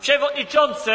Przewodniczący!